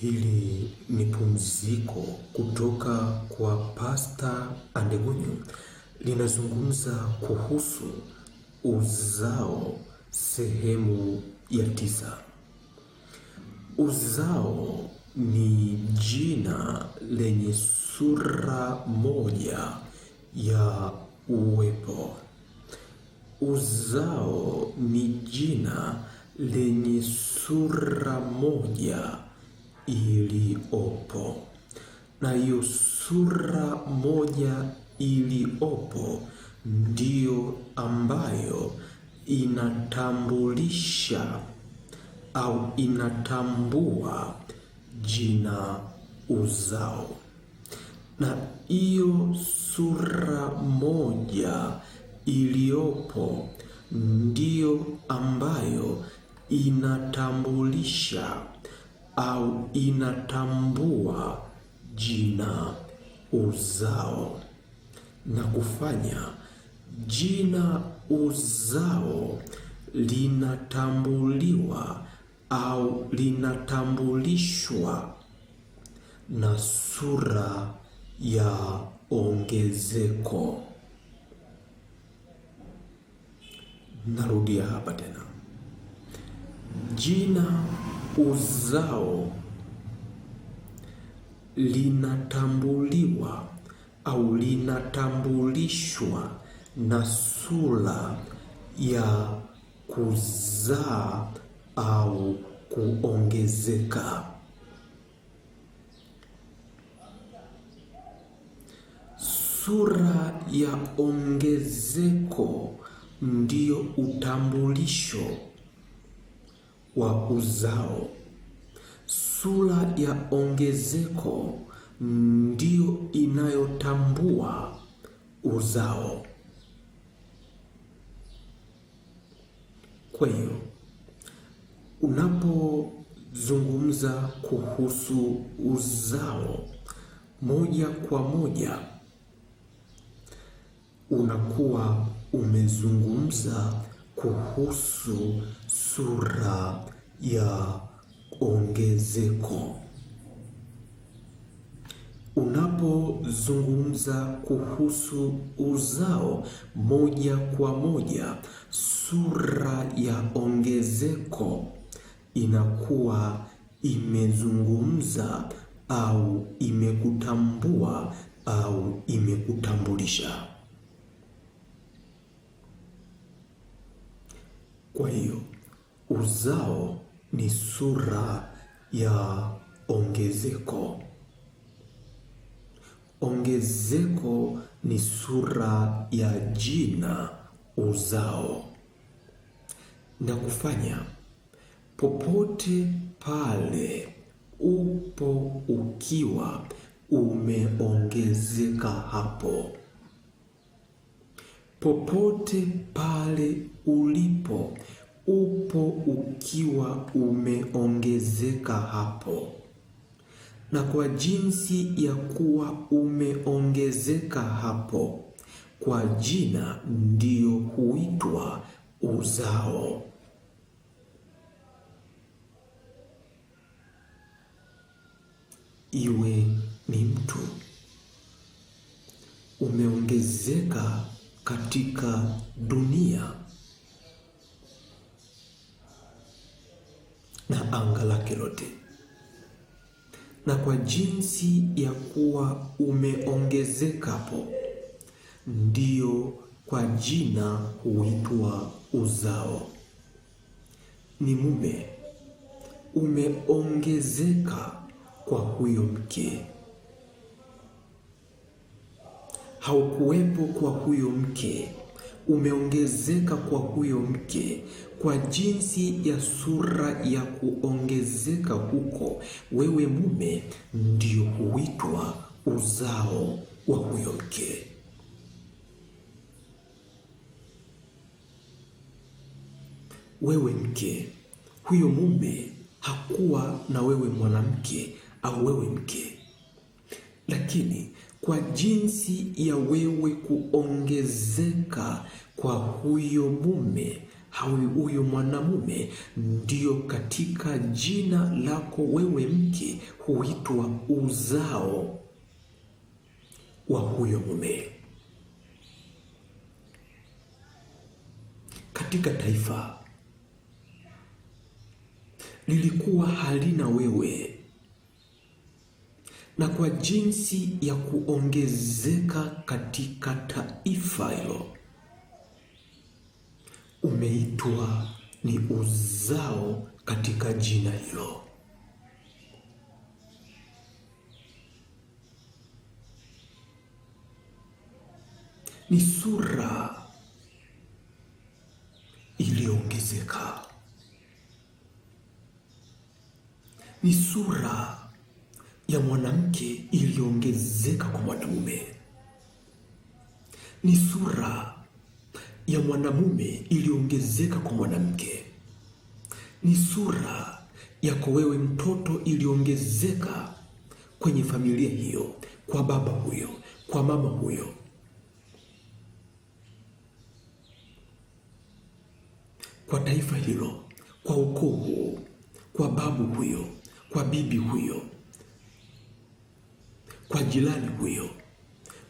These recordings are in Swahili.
Hili ni pumziko kutoka kwa Pasta Andegunyu, linazungumza kuhusu uzao sehemu ya tisa. Uzao ni jina lenye sura moja ya uwepo. Uzao ni jina lenye sura moja iliyopo, na hiyo sura moja iliyopo ndiyo ambayo inatambulisha au inatambua jina uzao, na hiyo sura moja iliyopo ndiyo ambayo inatambulisha au inatambua jina uzao na kufanya jina uzao linatambuliwa au linatambulishwa na sura ya ongezeko. Narudia hapa tena. Jina uzao linatambuliwa au linatambulishwa na sura ya kuzaa au kuongezeka. Sura ya ongezeko ndiyo utambulisho wa uzao. Sura ya ongezeko ndiyo inayotambua uzao. Kwa hiyo unapozungumza kuhusu uzao, moja kwa moja unakuwa umezungumza kuhusu sura ya ongezeko. Unapozungumza kuhusu uzao moja kwa moja, sura ya ongezeko inakuwa imezungumza au imekutambua au imekutambulisha. Kwa hiyo uzao ni sura ya ongezeko. Ongezeko ni sura ya jina uzao, na kufanya popote pale upo ukiwa umeongezeka hapo popote pale ulipo upo ukiwa umeongezeka hapo, na kwa jinsi ya kuwa umeongezeka hapo, kwa jina ndiyo huitwa uzao. Iwe ni mtu umeongezeka katika dunia na anga lake lote, na kwa jinsi ya kuwa umeongezekapo, ndio kwa jina huitwa uzao. Ni mume umeongezeka kwa huyo mke, haukuwepo kwa huyo mke umeongezeka kwa huyo mke kwa jinsi ya sura ya kuongezeka huko, wewe mume ndio huitwa uzao wa huyo mke. Wewe mke, huyo mume hakuwa na wewe mwanamke au wewe mke, lakini kwa jinsi ya wewe kuongezeka kwa huyo mume au huyo mwanamume, ndio katika jina lako wewe mke huitwa uzao wa huyo mume. Katika taifa lilikuwa halina wewe na kwa jinsi ya kuongezeka katika taifa hilo. Umeitwa ni uzao katika jina hilo. Ni sura iliyoongezeka, ni sura ya mwanamke iliongezeka kwa mwanamume, ni sura ya mwanamume iliongezeka kwa mwanamke, ni sura yako wewe mtoto iliongezeka kwenye familia hiyo, kwa baba huyo, kwa mama huyo. kwa taifa hilo, kwa ukoo huo, kwa babu huyo, kwa bibi huyo kwa jirani huyo.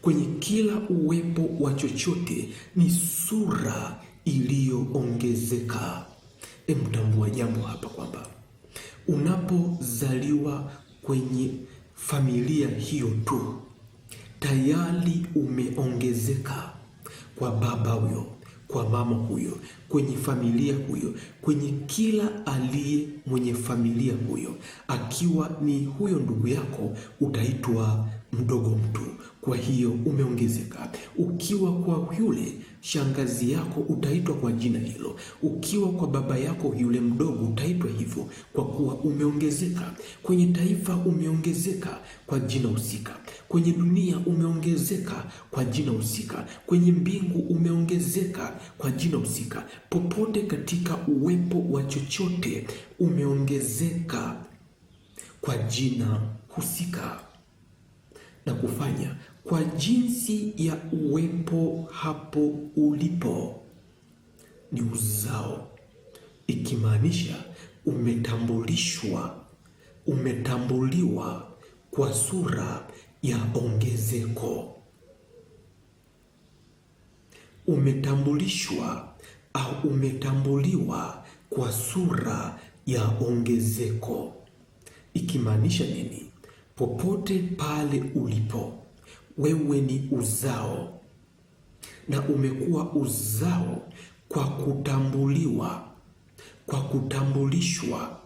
Kwenye kila uwepo wa chochote ni sura iliyoongezeka. Emtambua jambo hapa kwamba unapozaliwa kwenye familia hiyo tu tayari umeongezeka kwa baba huyo, kwa mama huyo, kwenye familia huyo, kwenye kila aliye mwenye familia huyo, akiwa ni huyo ndugu yako, utaitwa mdogo mtu. Kwa hiyo umeongezeka. Ukiwa kwa yule shangazi yako utaitwa kwa jina hilo, ukiwa kwa baba yako yule mdogo utaitwa hivyo, kwa kuwa umeongezeka. Kwenye taifa umeongezeka kwa jina husika, kwenye dunia umeongezeka kwa jina husika, kwenye mbingu umeongezeka kwa jina husika, popote katika uwepo wa chochote umeongezeka kwa jina husika na kufanya kwa jinsi ya uwepo hapo ulipo ni uzao, ikimaanisha umetambulishwa, umetambuliwa kwa sura ya ongezeko, umetambulishwa au umetambuliwa kwa sura ya ongezeko, ikimaanisha nini? Popote pale ulipo wewe ni uzao na umekuwa uzao kwa kutambuliwa, kwa kutambulishwa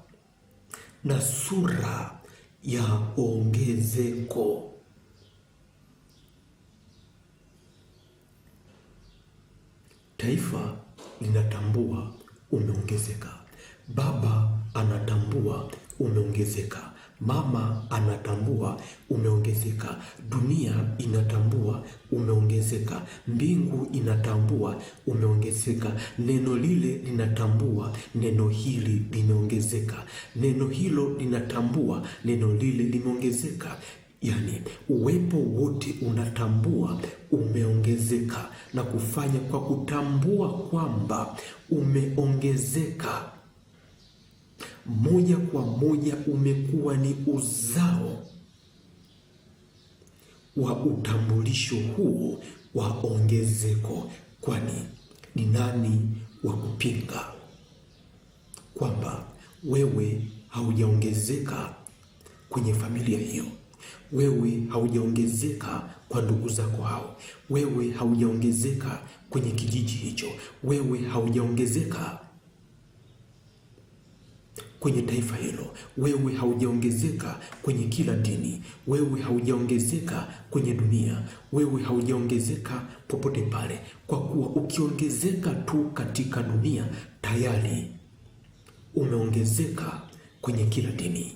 na sura ya ongezeko. Taifa linatambua umeongezeka. Baba anatambua umeongezeka. Mama anatambua umeongezeka, dunia inatambua umeongezeka, mbingu inatambua umeongezeka, neno lile linatambua neno hili limeongezeka, neno hilo linatambua neno lile limeongezeka. Yani, uwepo wote unatambua umeongezeka na kufanya kwa kutambua kwamba umeongezeka moja kwa moja umekuwa ni uzao wa utambulisho huo wa ongezeko. Kwani ni nani wa kupinga kwamba wewe haujaongezeka kwenye familia hiyo? Wewe haujaongezeka kwa ndugu zako hao, wewe haujaongezeka kwenye kijiji hicho, wewe haujaongezeka kwenye taifa hilo. Wewe haujaongezeka kwenye kila dini, wewe haujaongezeka kwenye dunia, wewe haujaongezeka popote pale, kwa kuwa ukiongezeka tu katika dunia tayari umeongezeka kwenye kila dini.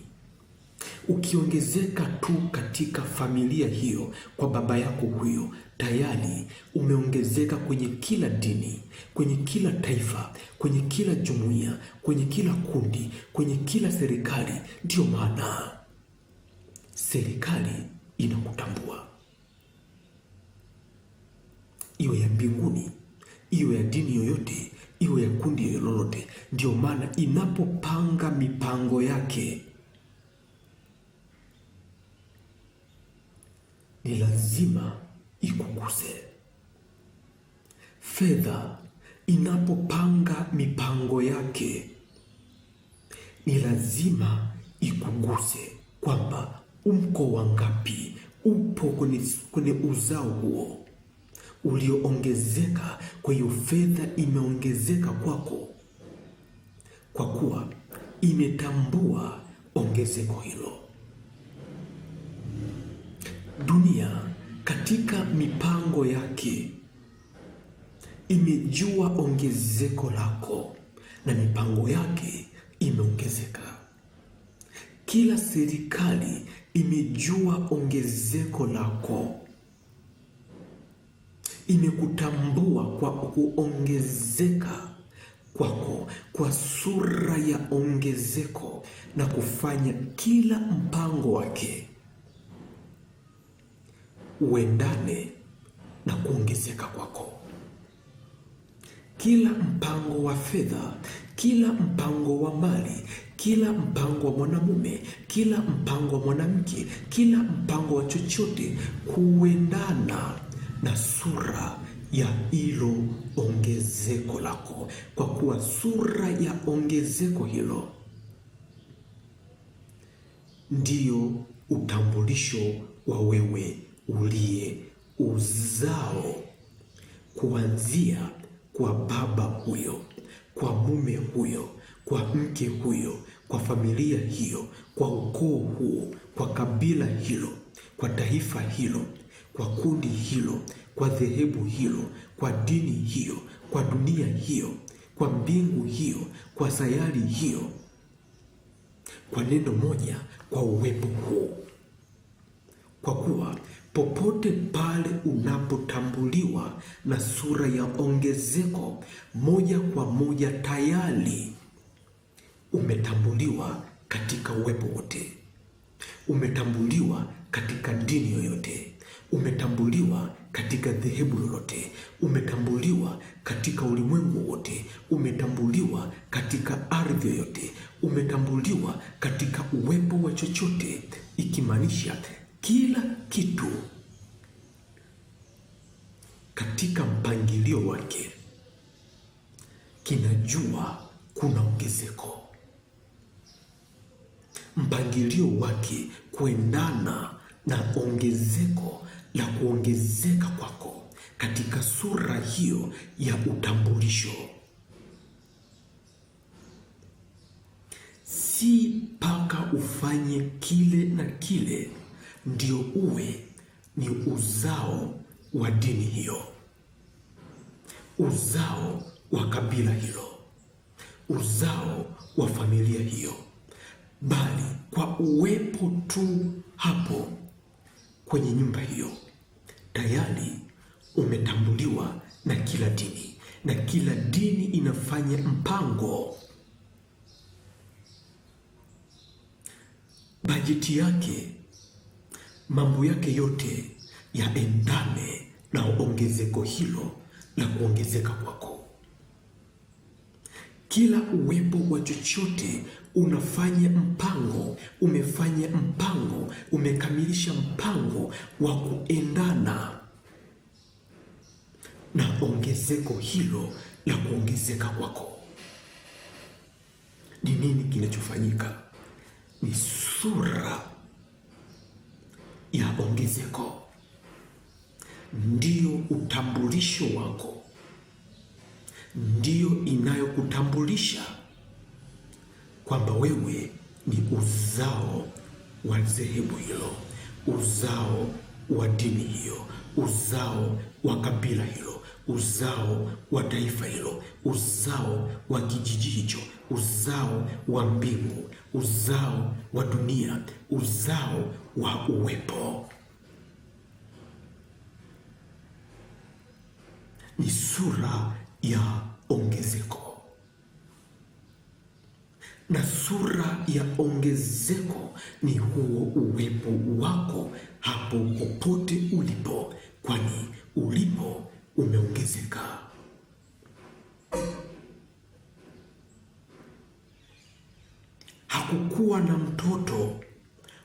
Ukiongezeka tu katika familia hiyo kwa baba yako huyo, tayari umeongezeka kwenye kila dini, kwenye kila taifa, kwenye kila jumuiya, kwenye kila kundi, kwenye kila serikali. Ndiyo maana serikali inakutambua, iwe ya mbinguni, iwe ya dini yoyote, iwe ya kundi lolote. Ndiyo maana inapopanga mipango yake ni lazima ikuguse. Fedha inapopanga mipango yake, ni lazima ikuguse kwamba umko wangapi, upo kwenye, kwenye uzao huo ulioongezeka. Kwa hiyo fedha imeongezeka kwako kwa kuwa imetambua ongezeko hilo. Dunia katika mipango yake imejua ongezeko lako na mipango yake imeongezeka. Kila serikali imejua ongezeko lako, imekutambua kwa kuongezeka kwako kwa sura ya ongezeko na kufanya kila mpango wake uendane na kuongezeka kwako. Kila mpango wa fedha, kila mpango wa mali, kila mpango wa mwanamume, kila mpango wa mwanamke, kila mpango wa chochote kuendana na sura ya hilo ongezeko lako, kwa kuwa sura ya ongezeko hilo ndiyo utambulisho wa wewe uliye uzao kuanzia kwa baba huyo, kwa mume huyo, kwa mke huyo, kwa familia hiyo, kwa ukoo huo, kwa kabila hilo, kwa taifa hilo, kwa kundi hilo, kwa dhehebu hilo, kwa dini hiyo, kwa dunia hiyo, kwa mbingu hiyo, kwa sayari hiyo, kwa neno moja, kwa uwepo huo kwa kuwa popote pale unapotambuliwa na sura ya ongezeko moja kwa moja, tayari umetambuliwa katika uwepo wote, umetambuliwa katika dini yoyote, umetambuliwa katika dhehebu lolote, umetambuliwa katika ulimwengu wote, umetambuliwa katika ardhi yoyote, umetambuliwa katika uwepo wa chochote, ikimaanisha kila kitu katika mpangilio wake kinajua kuna ongezeko. Mpangilio wake kuendana na ongezeko la kuongezeka kwako katika sura hiyo ya utambulisho, si mpaka ufanye kile na kile ndio uwe ni uzao wa dini hiyo, uzao wa kabila hilo, uzao wa familia hiyo, bali kwa uwepo tu hapo kwenye nyumba hiyo tayari umetambuliwa na kila dini, na kila dini inafanya mpango bajeti yake mambo yake yote yaendane na ongezeko hilo la kuongezeka kwako. Kila uwepo wa chochote unafanya mpango, umefanya mpango, umekamilisha mpango wa kuendana na ongezeko hilo la kuongezeka kwako. Ni nini kinachofanyika? Ni sura ya ongezeko ndiyo utambulisho wako, ndiyo inayokutambulisha kwamba wewe ni uzao wa dhehebu hilo, uzao wa dini hiyo, uzao wa kabila hilo, uzao wa taifa hilo, uzao wa kijiji hicho, uzao wa mbingu, uzao wa dunia, uzao wa uwepo. Ni sura ya ongezeko, na sura ya ongezeko ni huo uwepo wako hapo popote ulipo, kwani ulipo umeongezeka. Hakukuwa na mtoto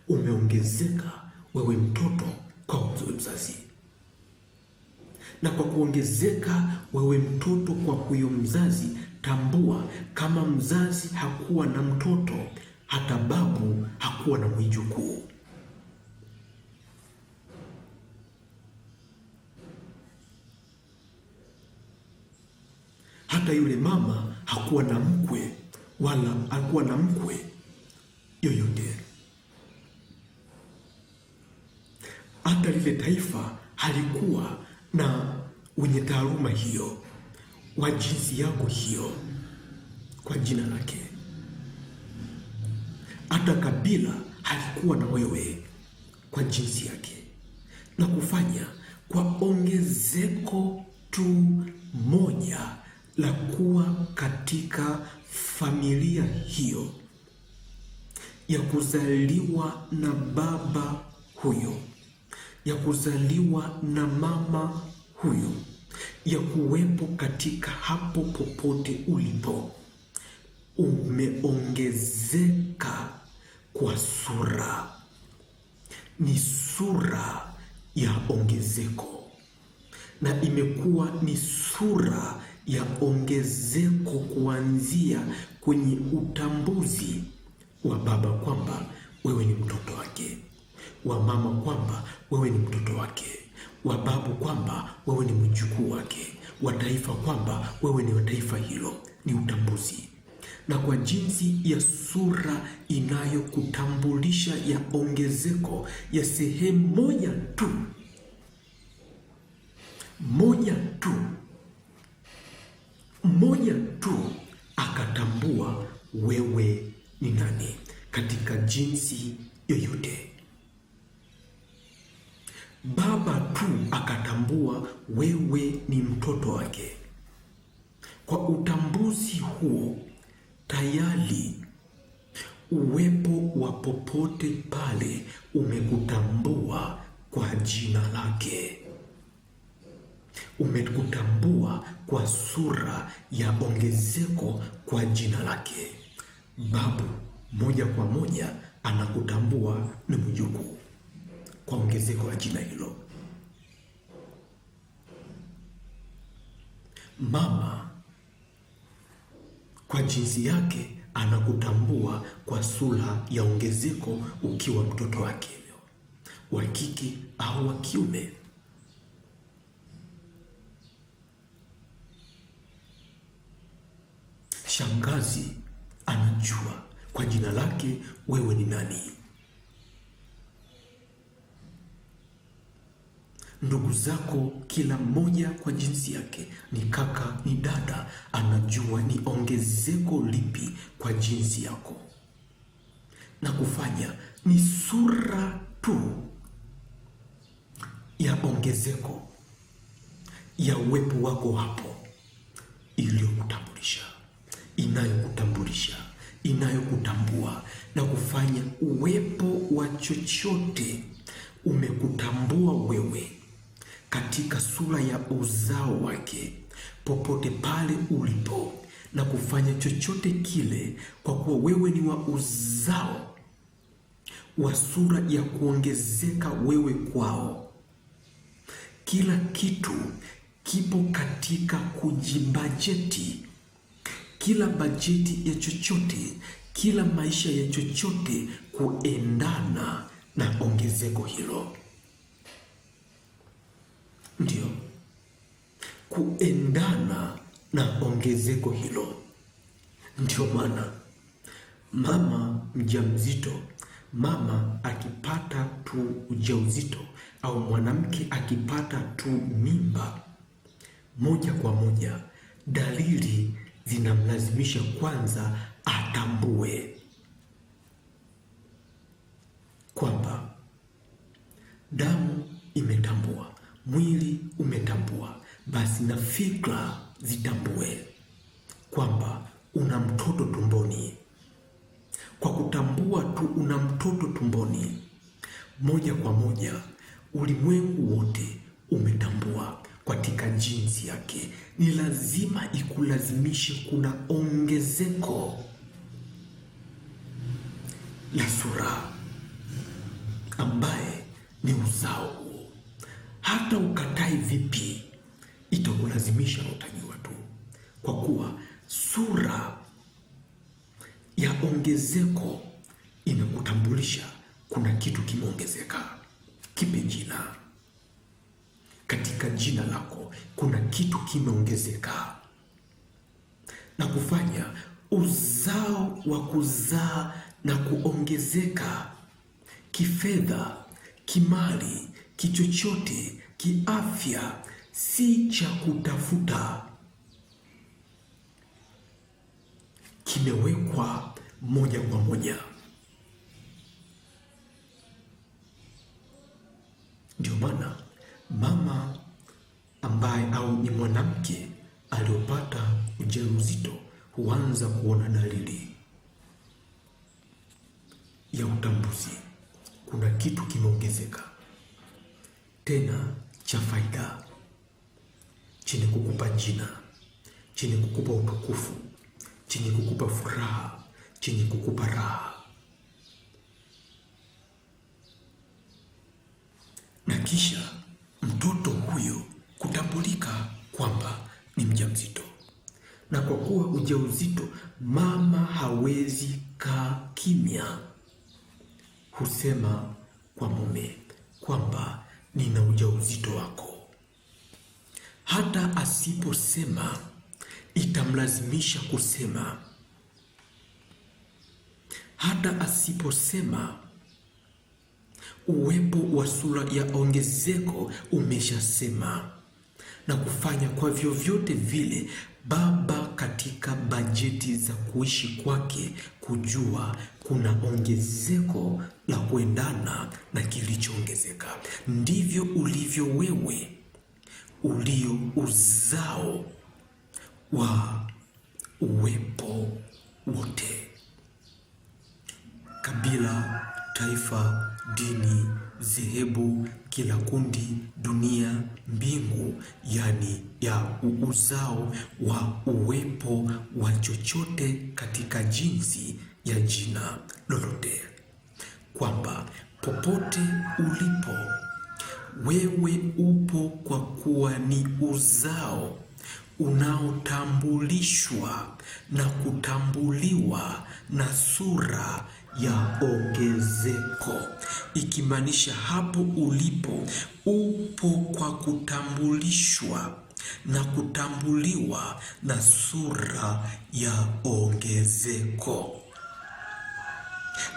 umeongezeka wewe mtoto kwa mzazi, na kwa kuongezeka wewe mtoto kwa huyo mzazi, tambua kama mzazi hakuwa na mtoto, hata babu hakuwa na mwijukuu. Hata yule mama hakuwa na mkwe wala hakuwa na mkwe yoyote. hata lile taifa halikuwa na wenye taaluma hiyo wa jinsi yako hiyo kwa jina lake. Hata kabila halikuwa na wewe kwa jinsi yake, na kufanya kwa ongezeko tu moja la kuwa katika familia hiyo ya kuzaliwa na baba huyo ya kuzaliwa na mama huyu ya kuwepo katika hapo popote ulipo umeongezeka kwa sura, ni sura ya ongezeko, na imekuwa ni sura ya ongezeko kuanzia kwenye utambuzi wa baba kwamba wewe ni mtoto wake, wa mama kwamba wewe ni mtoto wake, wa babu kwamba wewe ni mjukuu wake, wa taifa kwamba wewe ni wa taifa hilo. Ni utambuzi, na kwa jinsi ya sura inayokutambulisha ya ongezeko ya sehemu moja tu moja tu moja tu, akatambua wewe ni nani katika jinsi yoyote. Baba tu akatambua wewe ni mtoto wake. Kwa utambuzi huo tayari uwepo wa popote pale umekutambua kwa jina lake, umekutambua kwa sura ya ongezeko kwa jina lake. Babu moja kwa moja anakutambua ni mjukuu kwa ongezeko la jina hilo. Mama kwa jinsi yake anakutambua kwa sura ya ongezeko, ukiwa mtoto wake wa kike au wa kiume. Shangazi anajua kwa jina lake wewe ni nani. ndugu zako, kila mmoja kwa jinsi yake, ni kaka, ni dada, anajua ni ongezeko lipi kwa jinsi yako, na kufanya ni sura tu ya ongezeko ya uwepo wako hapo, iliyokutambulisha, inayokutambulisha, inayokutambua na kufanya uwepo wa chochote umekutambua wewe katika sura ya uzao wake popote pale ulipo na kufanya chochote kile, kwa kuwa wewe ni wa uzao wa sura ya kuongezeka wewe kwao. Kila kitu kipo katika kujibajeti, kila bajeti ya chochote, kila maisha ya chochote kuendana na ongezeko hilo. Ndio, kuendana na ongezeko hilo. Ndio maana mama mjamzito, mama akipata tu ujauzito au mwanamke akipata tu mimba, moja kwa moja dalili zinamlazimisha kwanza atambue kwamba damu imetambua mwili umetambua, basi na fikra zitambue kwamba una mtoto tumboni. Kwa kutambua tu una mtoto tumboni, moja kwa moja ulimwengu wote umetambua katika jinsi yake. Ni lazima ikulazimishe, kuna ongezeko la sura ambaye ni uzao hata ukatae vipi, itakulazimisha utajua tu, kwa kuwa sura ya ongezeko inakutambulisha kuna kitu kimeongezeka. Kipe jina katika jina lako, kuna kitu kimeongezeka na kufanya uzao wa kuzaa na kuongezeka kifedha, kimali, kichochote kiafya si cha kutafuta, kimewekwa moja kwa moja. Ndio maana mama ambaye au ni mwanamke aliyopata ujauzito huanza kuona dalili ya utambuzi, kuna kitu kimeongezeka tena cha faida, chenye kukupa jina, chenye kukupa utukufu, chenye kukupa furaha, chenye kukupa raha. Na kisha mtoto huyo kutambulika kwamba ni mjamzito, na kwa kuwa ujauzito, mama hawezi kaa kimya, husema kwa mume kwamba nina ujauzito wako. Hata asiposema itamlazimisha kusema, hata asiposema uwepo wa sura ya ongezeko umeshasema na kufanya kwa vyovyote vile Baba katika bajeti za kuishi kwake kujua kuna ongezeko la kuendana na kilichoongezeka. Ndivyo ulivyo wewe ulio uzao wa uwepo wote, kabila, taifa, dini dhehebu, kila kundi, dunia, mbingu, yani ya uzao wa uwepo wa chochote katika jinsi ya jina lolote, kwamba popote ulipo wewe upo kwa kuwa ni uzao unaotambulishwa na kutambuliwa na sura ya ongezeko, ikimaanisha hapo ulipo upo kwa kutambulishwa na kutambuliwa na sura ya ongezeko.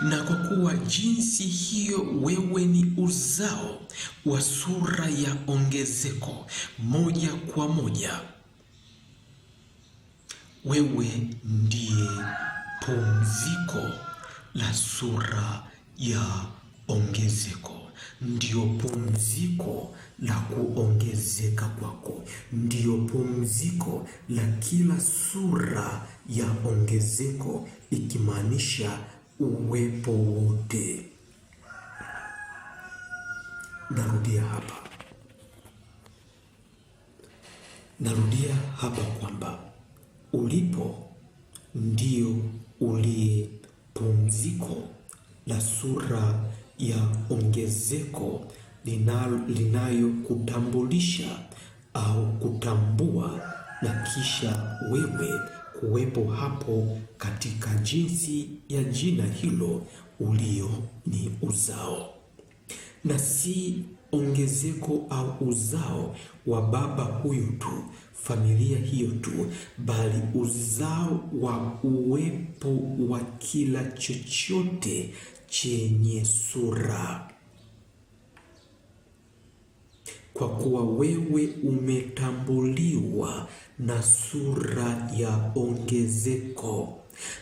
Na kwa kuwa jinsi hiyo wewe ni uzao wa sura ya ongezeko, moja kwa moja wewe ndiye pumziko la sura ya ongezeko ndio pumziko la kuongezeka kwako, ndio pumziko la kila sura ya ongezeko, ikimaanisha uwepo wote. Narudia hapa, narudia hapa kwamba ulipo ndio uliye pumziko na sura ya ongezeko linayokutambulisha au kutambua na kisha wewe kuwepo hapo katika jinsi ya jina hilo ulio ni uzao na si ongezeko au uzao wa baba huyu tu, familia hiyo tu, bali uzao wa uwepo wa kila chochote chenye sura, kwa kuwa wewe umetambuliwa na sura ya ongezeko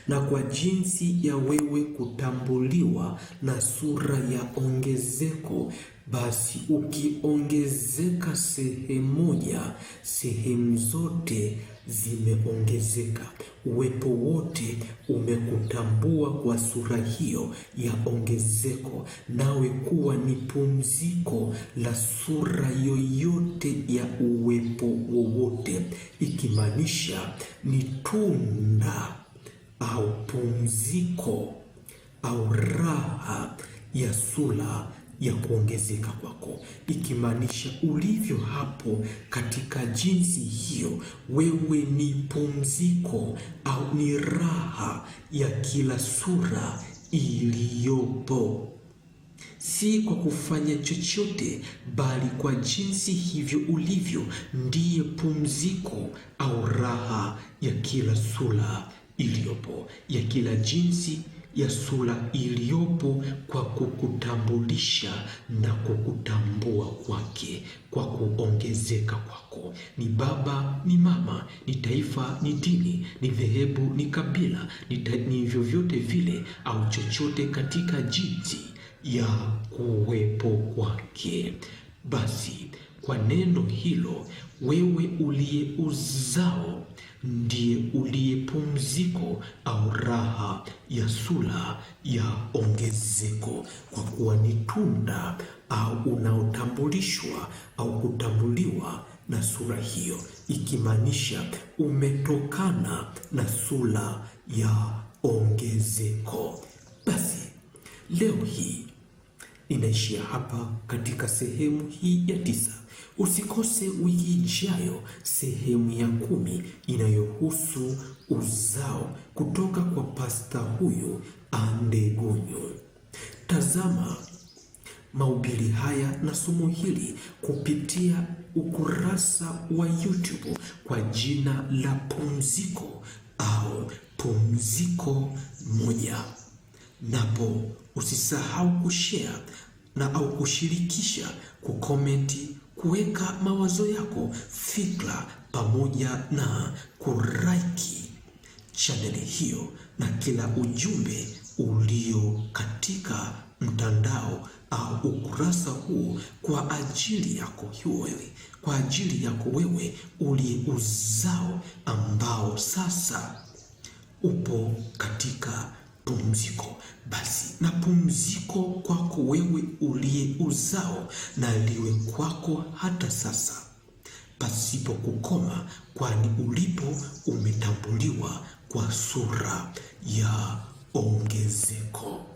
na kwa jinsi ya wewe kutambuliwa na sura ya ongezeko basi ukiongezeka sehemu moja, sehemu zote zimeongezeka. Uwepo wote umekutambua kwa sura hiyo ya ongezeko, nawe kuwa ni pumziko la sura yoyote ya uwepo wowote, ikimaanisha ni tunda au pumziko au raha ya sura ya kuongezeka kwako, ikimaanisha ulivyo hapo katika jinsi hiyo, wewe ni pumziko au ni raha ya kila sura iliyopo si kwa kufanya chochote, bali kwa jinsi hivyo ulivyo, ndiye pumziko au raha ya kila sura iliyopo, ya kila jinsi ya sura iliyopo kwa kukutambulisha na kukutambua kwake kwa kuongezeka kwako. Ni baba, ni mama, ni taifa, ni dini, ni dhehebu, ni kabila, ni, ni vyovyote vile au chochote katika jinsi ya kuwepo kwake. Basi kwa neno hilo wewe uliye uzao ndiye uliye pumziko au raha ya sura ya ongezeko, kwa kuwa ni tunda au unaotambulishwa au kutambuliwa na sura hiyo, ikimaanisha umetokana na sura ya ongezeko. Basi leo hii inaishia hapa katika sehemu hii ya tisa. Usikose wiki ijayo sehemu ya kumi inayohusu uzao kutoka kwa pasta huyu Andegunyu. Tazama mahubiri haya na somo hili kupitia ukurasa wa YouTube kwa jina la Pumziko au Pumziko Moja, napo usisahau kushare na au kushirikisha kukomenti kuweka mawazo yako, fikra pamoja na kuraiki chaneli hiyo na kila ujumbe ulio katika mtandao au ukurasa huo kwa ajili yako wewe, kwa ajili yako wewe uliye uzao ambao sasa upo katika pumziko. Basi na pumziko kwako wewe uliye uzao, na liwe kwako hata sasa pasipo kukoma, kwani ulipo umetambuliwa kwa sura ya ongezeko.